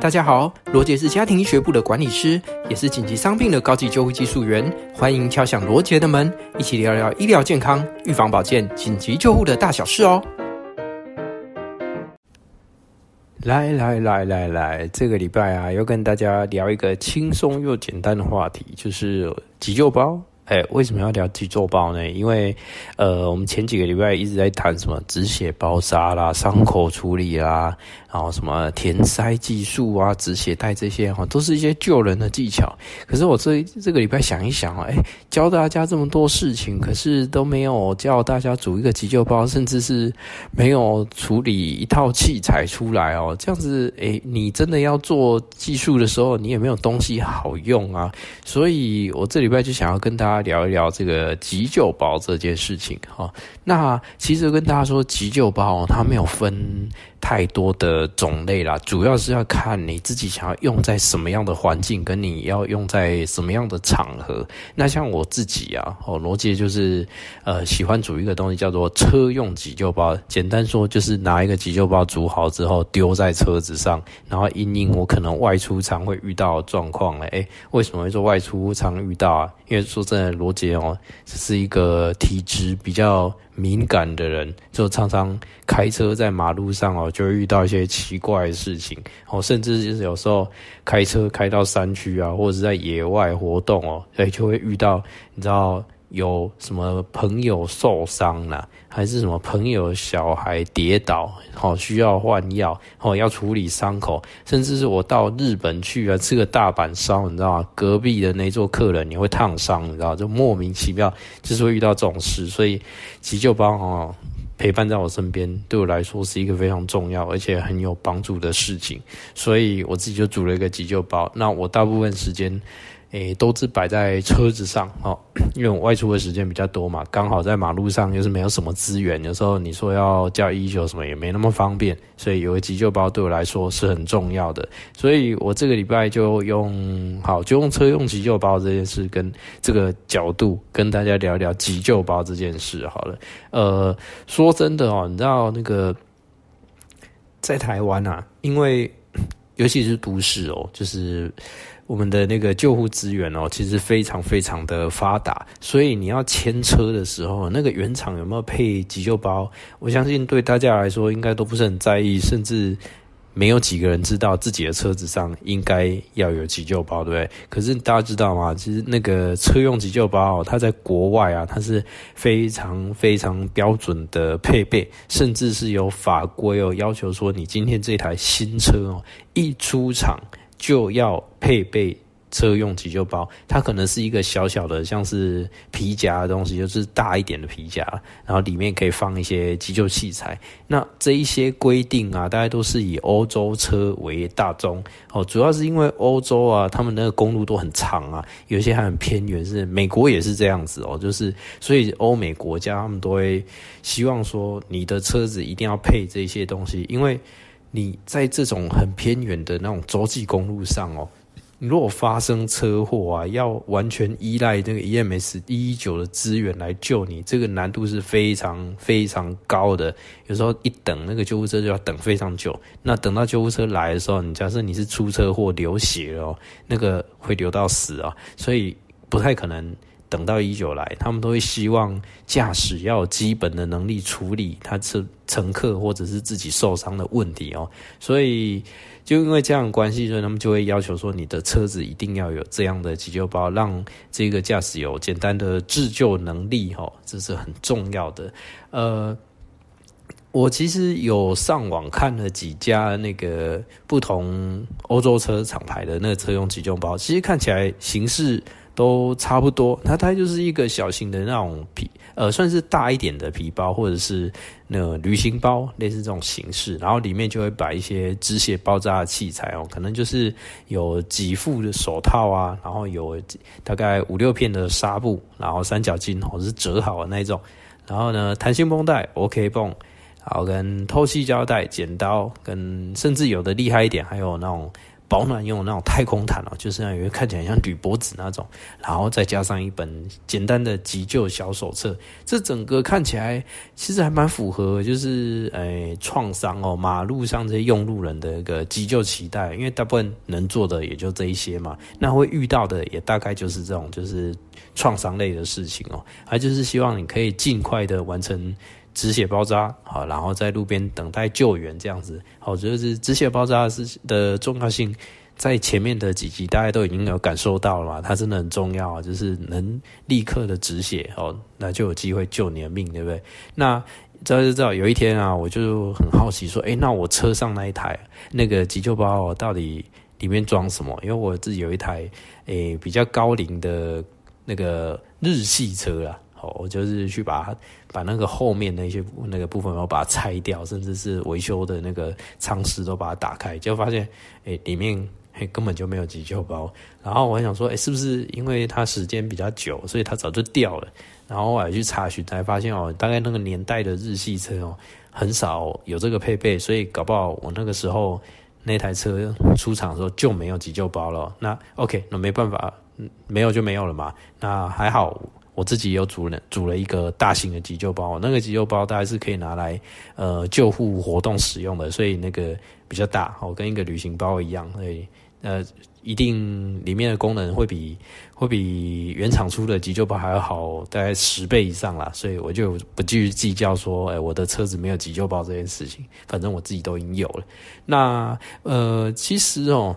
大家好，羅傑是家庭醫學部的管理師，也是緊急傷病的高級救護技術員。歡迎敲響羅傑的門，一起聊聊醫療健康、預防保健、緊急救護的大小事哦。來來來來來，這個禮拜啊，要跟大家聊一個輕鬆又簡單的話題，就是急救包。哎、欸，為什麼要聊急救包呢？因為，呃，我們前幾個禮拜一直在談什麼止血包紮啦、傷口處理啦，然後什麼填塞技術啊、止血帶這些哈，都是一些救人的技巧。可是我這這個禮拜想一想啊，哎、欸，教大家這麼多事情，可是都沒有教大家組一個急救包，甚至是沒有處理一套器材出來哦。這樣子，哎、欸，你真的要做技術的時候，你也沒有東西好用啊。所以我這禮拜就想要跟大家。聊一聊這個急救包這件事情哈、喔。那其實跟大家說，急救包、喔、它沒有分太多的種類啦，主要是要看你自己想要用在什麼樣的環境，跟你要用在什麼樣的場合。那像我自己啊，哦，羅傑就是呃，喜歡組一個東西叫做車用急救包。簡單說就是拿一個急救包組好之後丟在車子上，然後因應我可能外出常會遇到狀況了哎，為什麼會說外出常遇到啊？因為說真的。羅傑哦，是一個體質比較敏感的人，就常常開車在馬路上哦、喔，就會遇到一些奇怪的事情哦、喔，甚至就是有時候開車開到山區啊，或者是在野外活動哦、喔，哎，就會遇到，你知道。有什麼朋友受傷了、啊，還是什麼朋友小孩跌倒，好、哦、需要換藥，好、哦、要處理傷口，甚至是我到日本去啊，吃個大阪燒，你知道嗎？隔壁的那桌客人你會燙傷，你知道嗎？就莫名其妙，就是會遇到這種事，所以急救包啊、哦，陪伴在我身邊，對我來說是一個非常重要而且很有幫助的事情，所以我自己就組了一個急救包。那我大部分時間。誒、欸，都是擺在車子上哦，因為我外出的時間比較多嘛，剛好在馬路上又是沒有什麼資源，有時候你說要叫醫生什麼也沒那麼方便，所以有個急救包對我來說是很重要的，所以我這個禮拜就用好就用車用急救包這件事，跟這個角度跟大家聊聊急救包這件事好了。呃，說真的哦，你知道那個在台灣啊，因為。尤其是都市哦，就是我們的那個救護資源哦，其實非常非常的發達，所以你要牽車的時候，那個原廠有沒有配急救包？我相信對大家來說應該都不是很在意，甚至。沒有幾個人知道自己的車子上應該要有急救包，對不對？可是大家知道嗎？其實那個車用急救包哦，它在國外啊，它是非常非常標準的配備，甚至是有法規哦，要求說，你今天這台新車哦，一出廠就要配備。車用急救包，它可能是一個小小的，像是皮夾的東西，就是大一點的皮夾，然後裡面可以放一些急救器材。那這一些規定啊，大概都是以歐洲車為大宗哦，主要是因為歐洲啊，他們那個公路都很長啊，有些還很偏遠，是美國也是這樣子哦，就是所以歐美國家他們都會希望說，你的車子一定要配這些東西，因為你在這種很偏遠的那種洲際公路上哦，如果發生車禍啊，要完全依賴這個 EMS 一一九的資源來救你，這個難度是非常非常高的。有時候一等那個救護車就要等非常久，那等到救護車來的時候，你假設你是出車禍流血了喔，那個會流到死喔，所以不太可能。等到119來，他們都會希望駕駛要有基本的能力處理他車乘客或者是自己受傷的問題哦。所以就因為這樣的關係，所以他們就會要求說，你的車子一定要有這樣的急救包，讓這個駕駛有簡單的自救能力。哦，這是很重要的。呃，我其實有上網看了幾家那個不同歐洲車廠牌的那個車用急救包，其實看起來形式。都差不多，它它就是一個小型的那種皮，呃，算是大一點的皮包或者是那個旅行包，類似這種形式。然後裡面就會擺一些止血包紮的器材哦，可能就是有幾副的手套啊，然後有大概五六片的紗布，然後三角巾哦，或者是折好的那一種，然後呢，彈性繃帶、OK 繃，然後跟透氣膠帶、剪刀，跟甚至有的厲害一點，還有那種。保暖用的那種太空毯哦，喔,就是那有一個看起來像鋁箔紙那種，然後再加上一本簡單的急救小手冊，這整個看起來其實還蠻符合，就是誒創傷哦，馬路上這些用路人的一個急救期待，因為大部分能做的也就這一些嘛，那會遇到的也大概就是這種就是創傷類的事情哦，喔，還就是希望你可以盡快的完成。止血包紮，好，然後在路邊等待救援，這樣子，好，就是止血包紮是的重要性，在前面的幾集大家都已經有感受到了嘛，它真的很重要啊，就是能立刻的止血，哦，那就有機會救你的命，對不對？那早就知道，有一天啊，我就很好奇說，誒、欸，那我車上那一台那個急救包到底裡面裝什麼？因為我自己有一台誒、欸，比較高齡的那個日系車啊。我就是去把把那個後面那些那個部分，然後把它拆掉，甚至是維修的那個艙室都把它打開，就發現誒、欸、裡面、欸、根本就沒有急救包。然後我想說，誒、欸，是不是因為它時間比較久，所以它早就掉了？然後我還去查詢才發現哦、喔，大概那個年代的日系車哦、喔，很少有這個配備，所以搞不好我那個時候那台車出廠的時候就沒有急救包了、喔。那 OK，那沒辦法，沒有就沒有了嘛。那還好。我自己有組了組了一個大型的急救包，那個急救包大概是可以拿來呃救護活動使用的，所以那個比較大，我、喔、跟一個旅行包一樣，所以呃，一定裡面的功能會比會比原廠出的急救包還要好，大概十倍以上啦。所以我就不去計較說，哎、欸，我的車子沒有急救包這件事情，反正我自己都已經有了。那呃，其實哦、喔。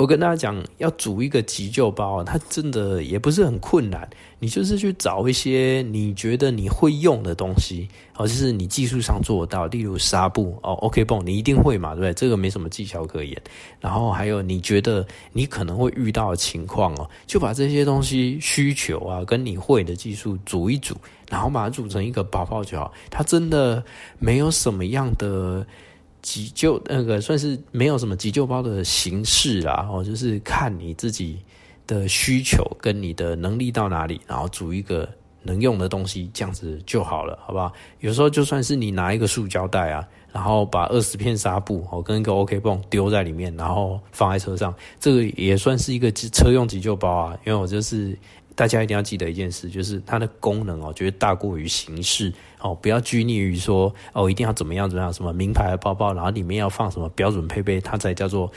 我跟大家講，要組一個急救包，它真的也不是很困難。你就是去找一些你覺得你會用的東西，哦，就是你技術上做到，例如紗布哦，OK 繃，你一定會嘛，對不對？這個沒什麼技巧可言。然後還有你覺得你可能會遇到的情況哦，就把這些東西需求啊，跟你會的技術組一組，然後把它組成一個包包就好，它真的沒有什麼樣的。急救那個算是沒有什麼急救包的形式啦，就是看你自己的需求跟你的能力到哪裡，然後組一個能用的東西，這樣子就好了，好不好？有時候就算是你拿一個塑膠袋啊，然後把二十片紗布哦跟一個 OK 繃丟在裡面，然後放在車上，這個也算是一個車用急救包啊，因為我就是。大家一定要記得一件事，就是它的功能哦，絕對大過於形式哦。不要拘泥於說哦，一定要怎麼樣怎麼樣，什麼名牌的包包，然後裡面要放什麼標準配備，它才叫做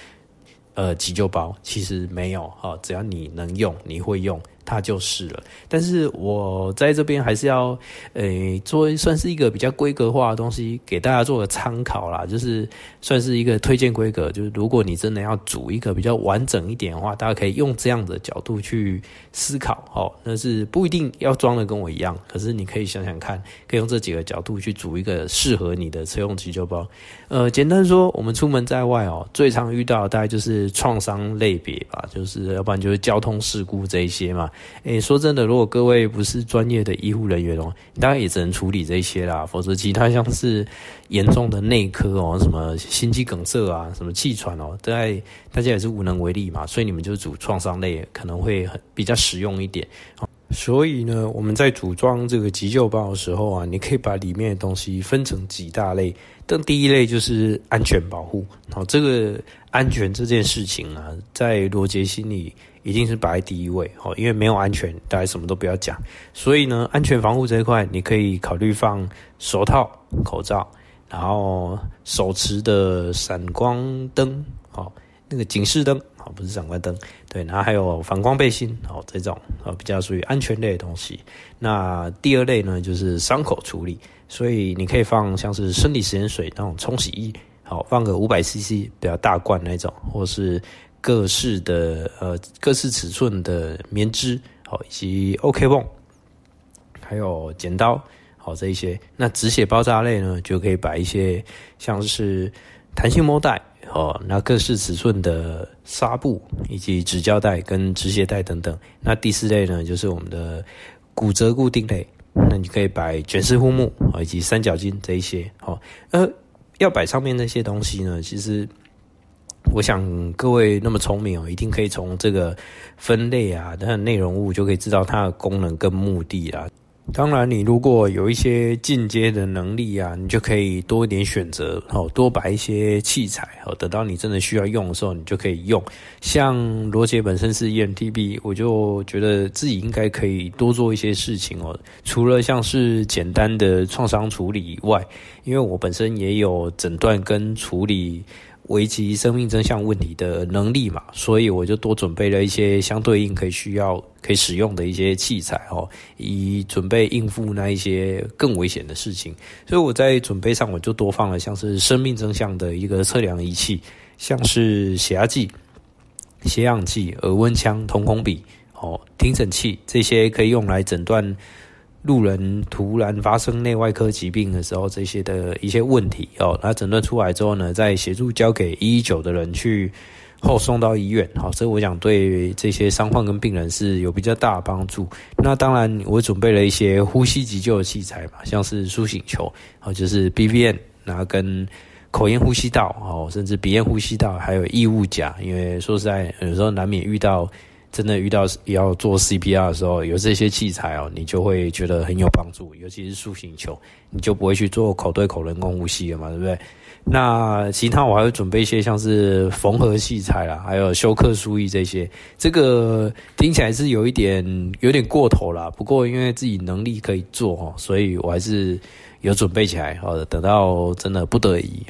呃急救包。其實沒有哈，只要你能用，你會用。它就是了，但是我在這邊還是要，誒、欸，做算是一個比較規格化的東西，給大家做個參考啦，就是算是一個推薦規格，就是如果你真的要組一個比較完整一點的話，大家可以用這樣的角度去思考，哦、喔，但是不一定要裝的跟我一樣，可是你可以想想看，可以用這幾個角度去組一個適合你的車用急救包。呃，簡單說，我們出門在外哦、喔，最常遇到的大概就是創傷類別吧，就是要不然就是交通事故這一些嘛。哎，說真的，如果各位不是專業的醫護人員哦，你當然也只能處理這些啦。否則，其他像是嚴重的內科哦，什麼心肌梗塞啊，什麼氣喘哦，大，大家也是無能為力嘛。所以，你們就是主創傷類，可能會比較實用一點。所以呢，我們在組裝這個急救包的時候啊，你可以把裡面的東西分成幾大類。那第一類就是安全保護。哦，這個安全這件事情啊，在羅傑心裡一定是擺在第一位。哦，因為沒有安全，大家什麼都不要講。所以呢，安全防護這一塊，你可以考慮放手套、口罩，然後手持的閃光燈。哦那個警示燈不是閃光燈，對，然後還有反光背心哦，這種比較屬於安全類的東西。那第二類呢，就是傷口處理，所以你可以放像是生理食鹽水那種沖洗液，好，放個五百 CC 比較大罐那種，或是各式的呃各式尺寸的棉織，以及 OK 繃，還有剪刀，好，這一些。那止血包紮類呢，就可以擺一些像是彈性膜帶。哦，那各式尺寸的紗布，以及紙膠帶跟止血帶等等。那第四類呢，就是我們的骨折固定類。那你可以擺捲式護木，哦，以及三角巾這一些。哦，呃，要擺上面那些東西呢，其實我想各位那麼聰明哦，一定可以從這個分類啊，它的內容物就可以知道它的功能跟目的啦。當然，你如果有一些進階的能力啊，你就可以多一點選擇，多擺一些器材，等到你真的需要用的時候，你就可以用。像羅傑本身是 EMTB，我就覺得自己應該可以多做一些事情哦、喔，除了像是簡單的創傷處理以外，因為我本身也有診斷跟處理。危及生命徵象問題的能力嘛，所以我就多準備了一些相對應可以需要、可以使用的一些器材，哦、以準備應付那一些更危險的事情。所以我在準備上，我就多放了像是生命徵象的一個測量儀器，像是血壓計、血氧計、耳溫槍、瞳孔筆、哦，聽診器這些可以用來診斷路人突然發生內外科疾病的時候，這些的一些問題哦，那診斷出來之後呢，再協助交給一一九的人去後、哦、送到醫院，好、哦，所以我想對這些傷患跟病人是有比較大的幫助。那當然，我準備了一些呼吸急救的器材嘛，像是甦醒球、哦，就是 BVM 然後跟口咽呼吸道，哦，甚至鼻咽呼吸道，還有異物夾，因為說實在，有時候難免遇到。真的遇到要做 CPR 的時候，有這些器材哦、喔，你就會覺得很有幫助。尤其是甦醒球，你就不會去做口對口人工呼吸了嘛，對不對？那其他我還會準備一些像是縫合器材啦，還有休克輸液這些。這個聽起來是有一點有點過頭了，不過因為自己能力可以做哦，所以我還是。有準備起來哦，等到真的不得已，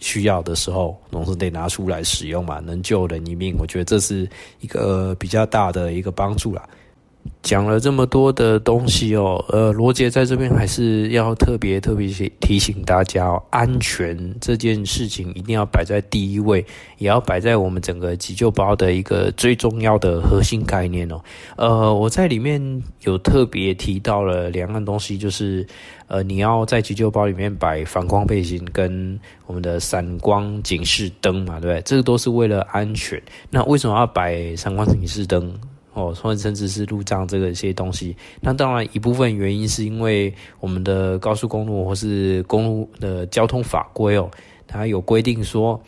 需要的時候，總是得拿出來使用嘛，能救人一命，我覺得這是一個比較大的一個幫助了。講了這麼多的東西哦，呃，羅傑在這邊還是要特別特別提醒大家哦，安全這件事情一定要擺在第一位，也要擺在我們整個急救包的一個最重要的核心概念哦。呃，我在裡面有特別提到了兩樣東西，就是呃，你要在急救包裡面擺反光背心跟我們的閃光警示燈嘛，對不對？這個都是為了安全。那為什麼要擺閃光警示燈？哦，或者甚至是路障、這個一些東西。那當然一部分原因是因為我們的高速公路或是公路的交通法規哦，它有規定說。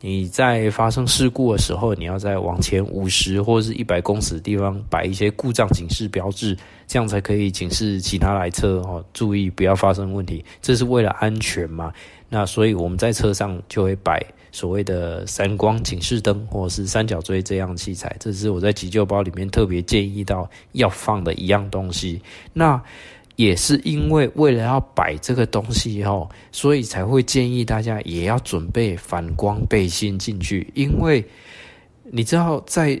你在發生事故的時候，你要在往前五十或者是一百公尺的地方擺一些故障警示標誌，這樣才可以警示其他來車哦、喔，注意不要發生問題。這是為了安全嘛。那所以我們在車上就會擺所謂的閃光警示燈，或者是三角錐這樣的器材，這是我在急救包裡面特別建議到要放的一樣東西。那。也是因為為了要擺這個東西哦、喔，所以才會建議大家也要準備反光背心進去，因為你知道在。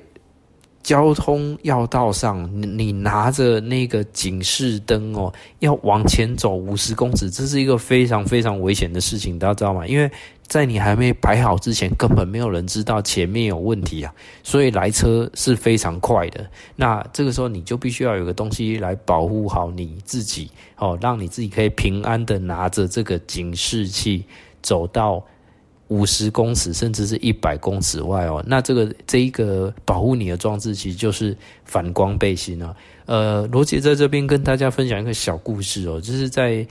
交通要道上你，你拿着那個警示燈哦，要往前走五十公尺，這是一個非常非常危險的事情，大家知道嗎？因為在你還沒擺好之前，根本沒有人知道前面有問題啊，所以來車是非常快的。那這個時候你就必須要有個東西來保護好你自己哦，讓你自己可以平安地拿着這個警示器走到。五十公尺甚至是一百公尺外哦，那這個這一個保護你的裝置其實就是反光背心哦啊。呃，羅傑在這邊跟大家分享一個小故事哦，就是在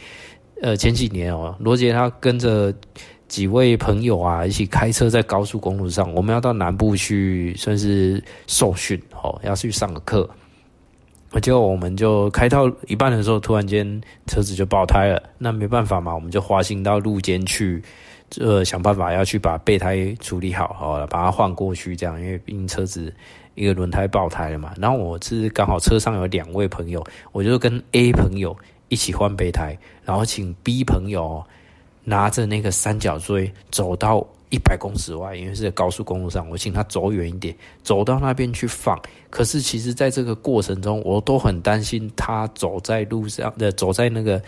呃前幾年哦，羅傑他跟着幾位朋友啊一起開車在高速公路上，我們要到南部去算是受訓哦，要去上個課。結果我們就開到一半的時候，突然間車子就爆胎了，那沒辦法嘛，我們就滑行到路肩去。呃，想辦法要去把備胎處理好，好，好了，把它換過去，這樣，因為畢竟車子一個輪胎爆胎了嘛。然後我是剛好車上有兩位朋友，我就跟 A 朋友一起換備胎，然後請 B 朋友拿着那個三角錐走到一百公尺外，因為是在高速公路上，我請他走遠一點，走到那邊去放。可是其實在這個過程中，我都很擔心他走在路上，呃，走在那個。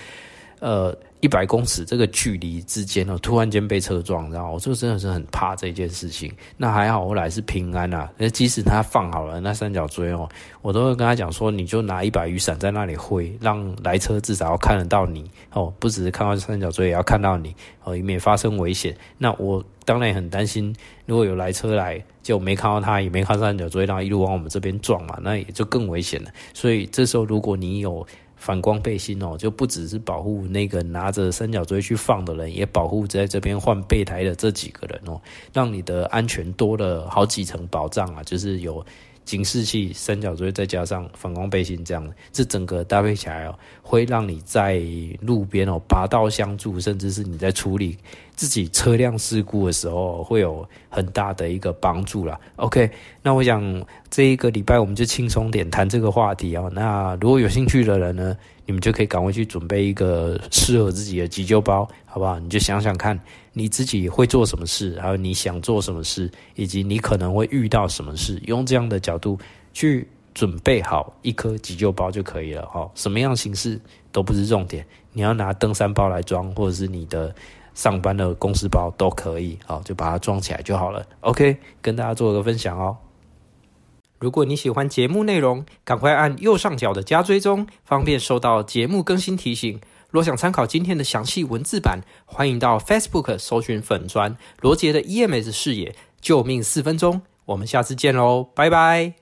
呃，一百公尺這個距離之間哦，突然間被車撞，然後我就真的是很怕這件事情。那還好後來是平安啦。呃，即使他放好了那三角錐哦，我都會跟他講說，你就拿一把雨傘在那裡揮，讓來車至少要看得到你哦，不只是看到三角錐，也要看到你哦，以免發生危險。那我當然也很擔心，如果有來車來，就沒看到他，也沒看到三角錐，然後一路往我們這邊撞嘛，那也就更危險了。所以這時候如果你有。反光背心哦，就不只是保護那個拿着三角錐去放的人，也保護在這邊換備胎的這幾個人哦，讓你的安全多了好幾層保障啊，就是有。警示器、三角錐，再加上反光背心，這樣，這整個搭配起來哦，會讓你在路邊哦拔刀相助，甚至是你在處理自己車輛事故的時候，哦，會有很大的一個幫助啦。OK，那我想這一個禮拜我們就輕鬆點談這個話題啊、哦。那如果有興趣的人呢？你們就可以趕快去準備一個適合自己的急救包，好不好？你就想想看，你自己會做什麼事，還有你想做什麼事，以及你可能會遇到什麼事，用這樣的角度去準備好一顆急救包就可以了，哈、哦。什麼樣形式都不是重點，你要拿登山包來裝，或者是你的上班的公司包都可以，哦，就把它裝起來就好了。OK，跟大家做個分享哦。如果你喜歡節目內容，趕快按右上角的加追蹤，方便收到節目更新提醒。若想參考今天的詳細文字版，歡迎到 Facebook 搜尋粉專，羅傑的 EMS 視野，救命四分鐘。我們下次見嘍，拜拜。